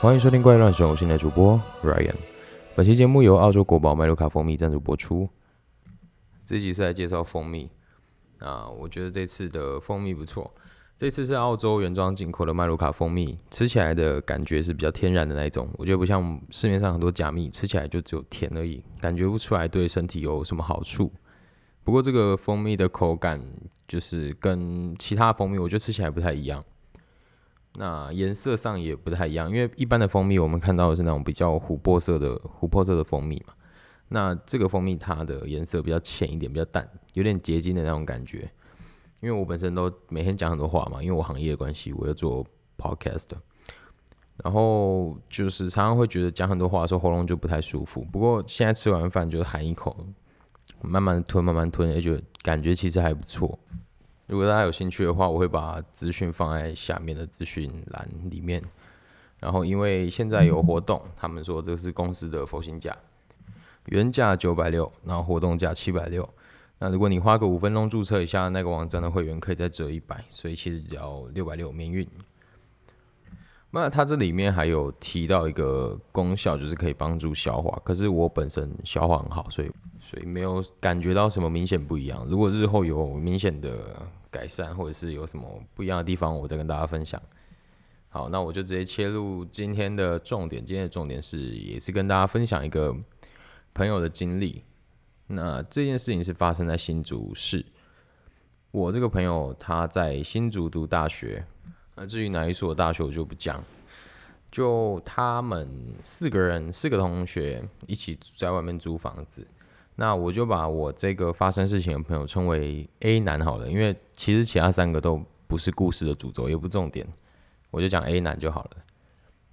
歡迎收聽《怪異亂選》，我是你的主播 Ryan。本期節目由澳洲國寶麥蘆卡蜂蜜贊助播出。這集是來介紹蜂蜜。啊，我覺得這次的蜂蜜不錯，這次是澳洲原裝進口的麥蘆卡蜂蜜，吃起來的感覺是比較天然的那種。我覺得不像市面上很多假蜜，吃起來就只有甜而已，感覺不出來對身體有什麼好處。不過這個蜂蜜的口感，就是跟其他蜂蜜，我覺得吃起來不太一樣。那顏色上也不太一樣，因為一般的蜂蜜我們看到的是那種比較琥珀色的琥珀色的蜂蜜嘛。那這個蜂蜜它的顏色比較淺一點，比較淡，有點結晶的那種感覺。因為我本身都每天講很多話嘛，因為我行業的關係，我要做 podcast，然後就是常常會覺得講很多話的時候喉嚨就不太舒服。不過現在吃完飯就含一口，慢慢吞慢慢吞，也就感覺其實還不錯。如果大家有興趣的話，我會把資訊放在下面的資訊欄裡面。然後，因為現在有活動，他們說這是公司的佛心價，原價九百六，然後活動價七百六。那如果你花個五分鐘註冊一下那個網站的會員，可以再折一百，所以其實只要六百六免運。那它這裡面還有提到一個功效，就是可以幫助消化。可是我本身消化很好，所以所以沒有感覺到什麼明顯不一樣。如果日後有明顯的改善，或者是有什麼不一樣的地方，我再跟大家分享。好，那我就直接切入今天的重點。今天的重點是，也是跟大家分享一個朋友的經歷。那這件事情是發生在新竹市。我這個朋友他在新竹讀大學。那至於哪一所大學我就不講，就他們四個人，四個同學一起在外面租房子。那我就把我這個發生事情的朋友稱為 A 男好了，因為其實其他三個都不是故事的主軸，也不重點，我就講 A 男就好了。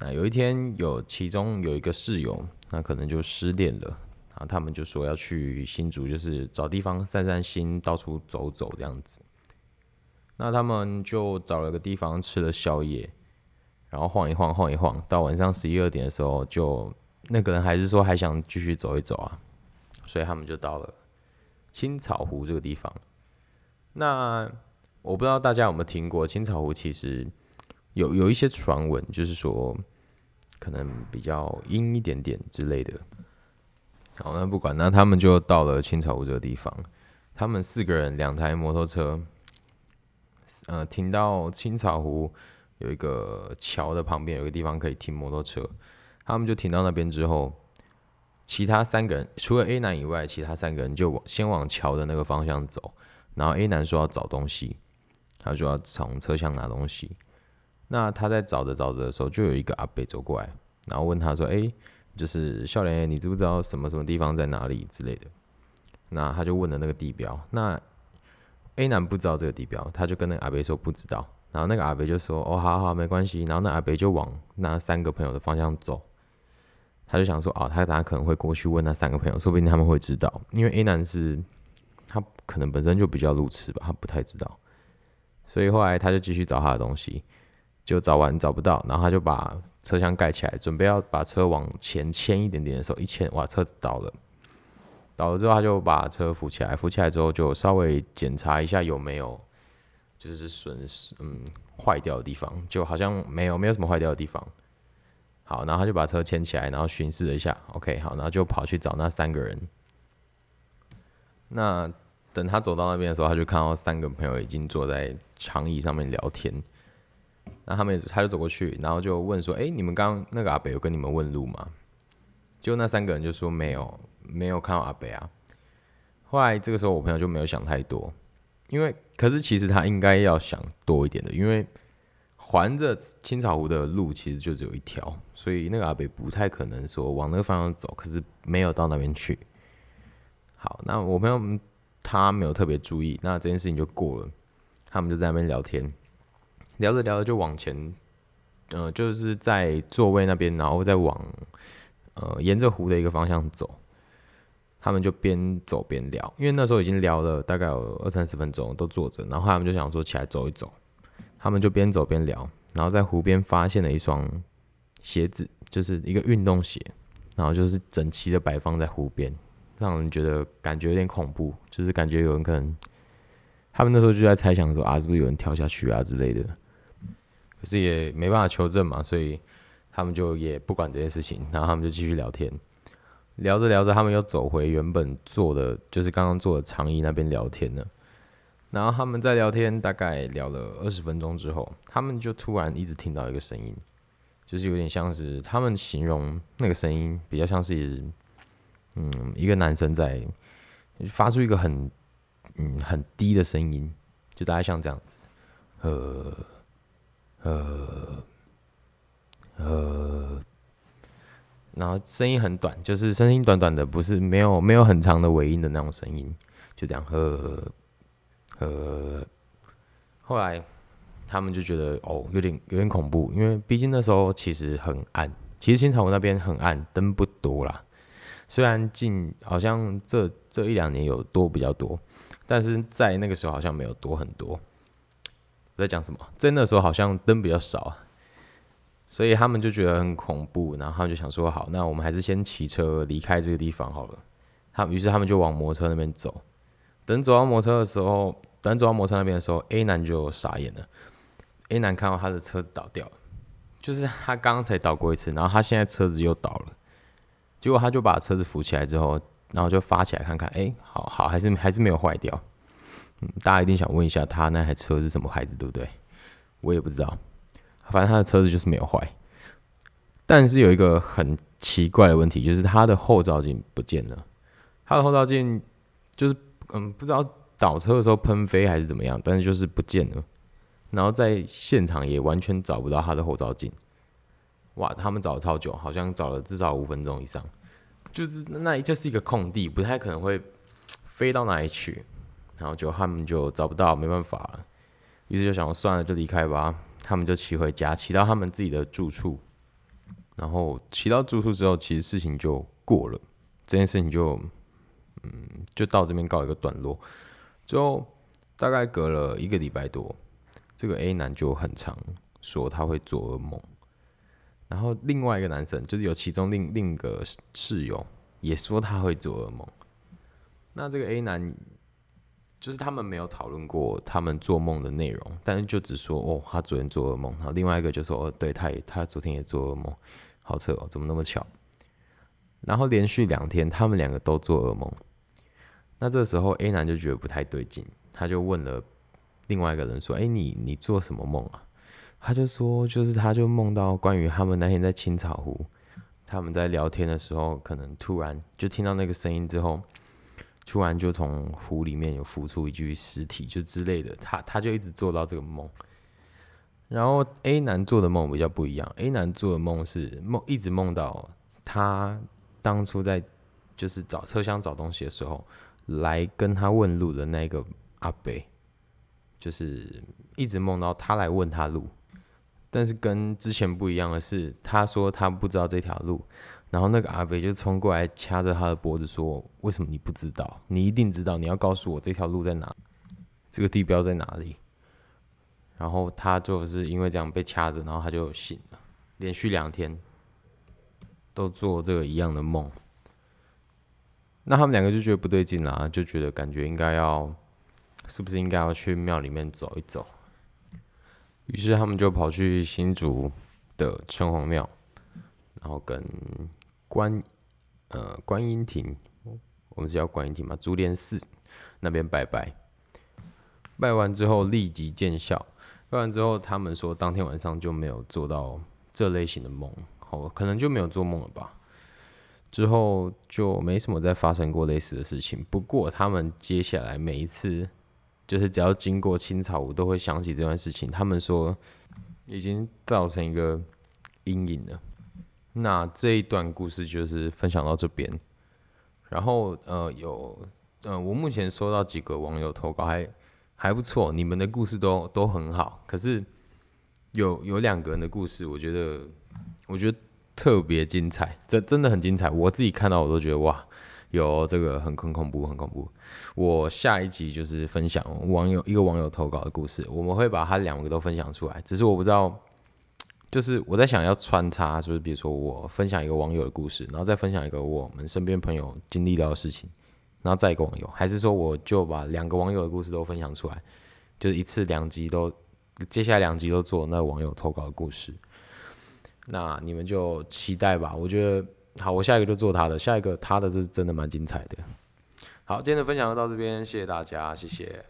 那有一天，有其中有一個室友，那可能就失戀了，然後他們就說要去新竹，就是找地方散散心，到處走走這樣子。那他們就找了個地方吃了宵夜，然後晃一晃，晃一晃，到晚上十一二點的時候，就那個人還是說還想繼續走一走啊，所以他們就到了青草湖這個地方。那我不知道大家有沒有聽過青草湖，其實有有一些傳聞，就是說可能比較陰一點點之類的。好，那不管，那他們就到了青草湖這個地方，他們四個人，兩台摩托車。呃，停到青草湖有一個橋的旁邊，有個地方可以停摩托車。他們就停到那邊之後，其他三個人除了 A 男以外，其他三個人就往先往橋的那個方向走。然後 A 男說要找東西，他說要從車廂拿東西。那他在找着找着的時候，就有一個阿伯走過來，然後問他說：“哎，就是少年，你知不知道什麼什麼地方在哪裡之類的？”那他就問了那個地標。那 A 男不知道這個地標，他就跟那個阿北說不知道。然後那個阿北就說：“哦，好好，沒關係。”然後那阿北就往那三個朋友的方向走。他就想說：“哦，他等下可能會過去問那三個朋友，說不定他們會知道，因為 A 男是他可能本身就比較路痴吧，他不太知道。所以後來他就繼續找他的東西，就找完找不到，然後他就把車廂蓋起來，準備要把車往前牽一點點的時候，一牽，哇，車子倒了。倒了之後，他就把車扶起來。扶起來之後，就稍微檢查一下有沒有就是損失，嗯，壞掉的地方，就好像沒有沒有什麼壞掉的地方。好，然後他就把車牽起來，然後巡視了一下。OK，好，然後就跑去找那三個人。那等他走到那邊的時候，他就看到三個朋友已經坐在長椅上面聊天。那他們他就走過去，然後就問說：“哎、欸，你們剛剛那個阿北有跟你們問路嗎？”就那三個人就說：“沒有。”沒有看到阿北啊。後來這個時候，我朋友就沒有想太多，因為可是其實他應該要想多一點的，因為環着青草湖的路其實就只有一條，所以那個阿北不太可能說往那個方向走，可是沒有到那邊去。好，那我朋友他沒有特別注意，那這件事情就過了，他們就在那邊聊天，聊着聊着就往前，呃，就是在座位那邊，然後再往呃沿着湖的一個方向走。他們就邊走邊聊，因為那時候已經聊了大概有二三十分鐘，都坐着。然後他們就想說起來走一走，他們就邊走邊聊。然後在湖邊發現了一雙鞋子，就是一個運動鞋，然後就是整齊的擺放在湖邊，讓人覺得感覺有點恐怖，就是感覺有人可能他們那時候就在猜想說啊，是不是有人跳下去啊之類的，可是也沒辦法求證嘛，所以他們就也不管這件事情，然後他們就繼續聊天。聊着聊着，他們又走回原本坐的，就是剛剛坐的長椅那邊聊天了。然後他們在聊天，大概聊了二十分鐘之後，他們就突然一直聽到一個聲音，就是有點像是他們形容那個聲音比較像是，嗯，一個男生在發出一個很嗯很低的聲音，就大概像這樣子，呃，呃，呃。然後聲音很短，就是聲音短短的，不是沒有沒有很長的尾音的那種聲音，就這樣。呵呵。呵後來他們就覺得哦，有點有點恐怖，因為畢竟那時候其實很暗，其實青草湖那邊很暗，燈不多啦。雖然近好像這這一兩年有多比較多，但是在那個時候好像沒有多很多。我在講什麼？在那時候好像燈比較少啊。所以他們就覺得很恐怖，然後他們就想說：“好，那我們還是先騎車離開這個地方好了。他們”他於是他們就往摩托車那邊走。等走到摩托車的時候，等走到摩托車那邊的時候，A 男就傻眼了。A 男看到他的車子倒掉了，就是他剛剛才倒過一次，然後他現在車子又倒了。結果他就把車子扶起來之後，然後就發起來看看，哎、欸，好好，還是還是沒有壞掉、嗯。大家一定想問一下他，他那台車是什麼牌子，對不對？我也不知道。反正他的車子就是沒有壞，但是有一個很奇怪的問題，就是他的後照鏡不見了。他的後照鏡就是嗯，不知道倒車的時候噴飛還是怎麼樣，但是就是不見了。然後在現場也完全找不到他的後照鏡。哇，他們找了超久，好像找了至少五分鐘以上。就是那就是一個空地，不太可能會飛到哪裡去。然後就他們就找不到，沒辦法了。於是就想算了，就離開吧。他們就騎回家，騎到他們自己的住處，然後騎到住處之後，其實事情就過了，這件事情就，嗯，就到這邊告一個段落。最後大概隔了一個禮拜多，這個 A 男就很常說他會做噩夢，然後另外一個男生就是有其中另另一個室友也說他會做噩夢，那這個 A 男。就是他們沒有討論過他們做夢的內容，但是就只說哦，他昨天做噩夢。然後另外一個就說，哦，對，他也他昨天也做噩夢。好扯哦，怎麼那麼巧？然後連續兩天，他們兩個都做噩夢。那這時候 A 男就覺得不太對勁，他就問了另外一個人說：“哎，你你做什麼夢啊？”他就說：“就是他就夢到關於他們那天在青草湖，他們在聊天的時候，可能突然就聽到那個聲音之後。”突然就從湖裡面有浮出一具屍體，就之類的，他他就一直做到這個夢。然後 A 男做的夢比較不一樣，A 男做的夢是夢一直夢到他當初在就是找車廂找東西的時候，來跟他問路的那個阿伯，就是一直夢到他來問他路，但是跟之前不一樣的是，他說他不知道這條路。然後那個阿北就衝過來掐着他的脖子說：“為什麼你不知道？你一定知道！你要告訴我這條路在哪，這個地標在哪裡。”然後他就是因為這樣被掐着，然後他就醒了，連續兩天都做這個一樣的夢。那他們兩個就覺得不對勁了啊，就覺得感覺應該要，是不是應該要去廟裡面走一走？於是他們就跑去新竹的城隍廟，然後跟。觀，呃，觀音亭，我們是叫觀音亭嘛？竹蓮寺那邊拜拜，拜完之後立即見效。拜完之後，他們說當天晚上就沒有做到這類型的夢，好，可能就沒有做夢了吧。之後就沒什麼再發生過類似的事情。不過他們接下來每一次，就是只要經過青草我都會想起這段事情。他們說已經造成一個陰影了。那這一段故事就是分享到這邊，然後呃有，呃我目前收到幾個網友投稿還還不錯，你們的故事都都很好，可是有有兩個人的故事我覺得我覺得特別精彩，這真的很精彩，我自己看到我都覺得哇，有這個很很恐怖很恐怖，我下一集就是分享網友一個網友投稿的故事，我們會把它兩個都分享出來，只是我不知道。就是我在想要穿插，就是比如說我分享一個網友的故事，然後再分享一個我們身邊朋友經歷到的事情，然後再一個網友，還是說我就把兩個網友的故事都分享出來，就是一次兩集都，接下來兩集都做那個網友投稿的故事，那你們就期待吧。我覺得好，我下一個就做他的，下一個他的，這是真的蠻精彩的。好，今天的分享就到這邊，謝謝大家，謝謝。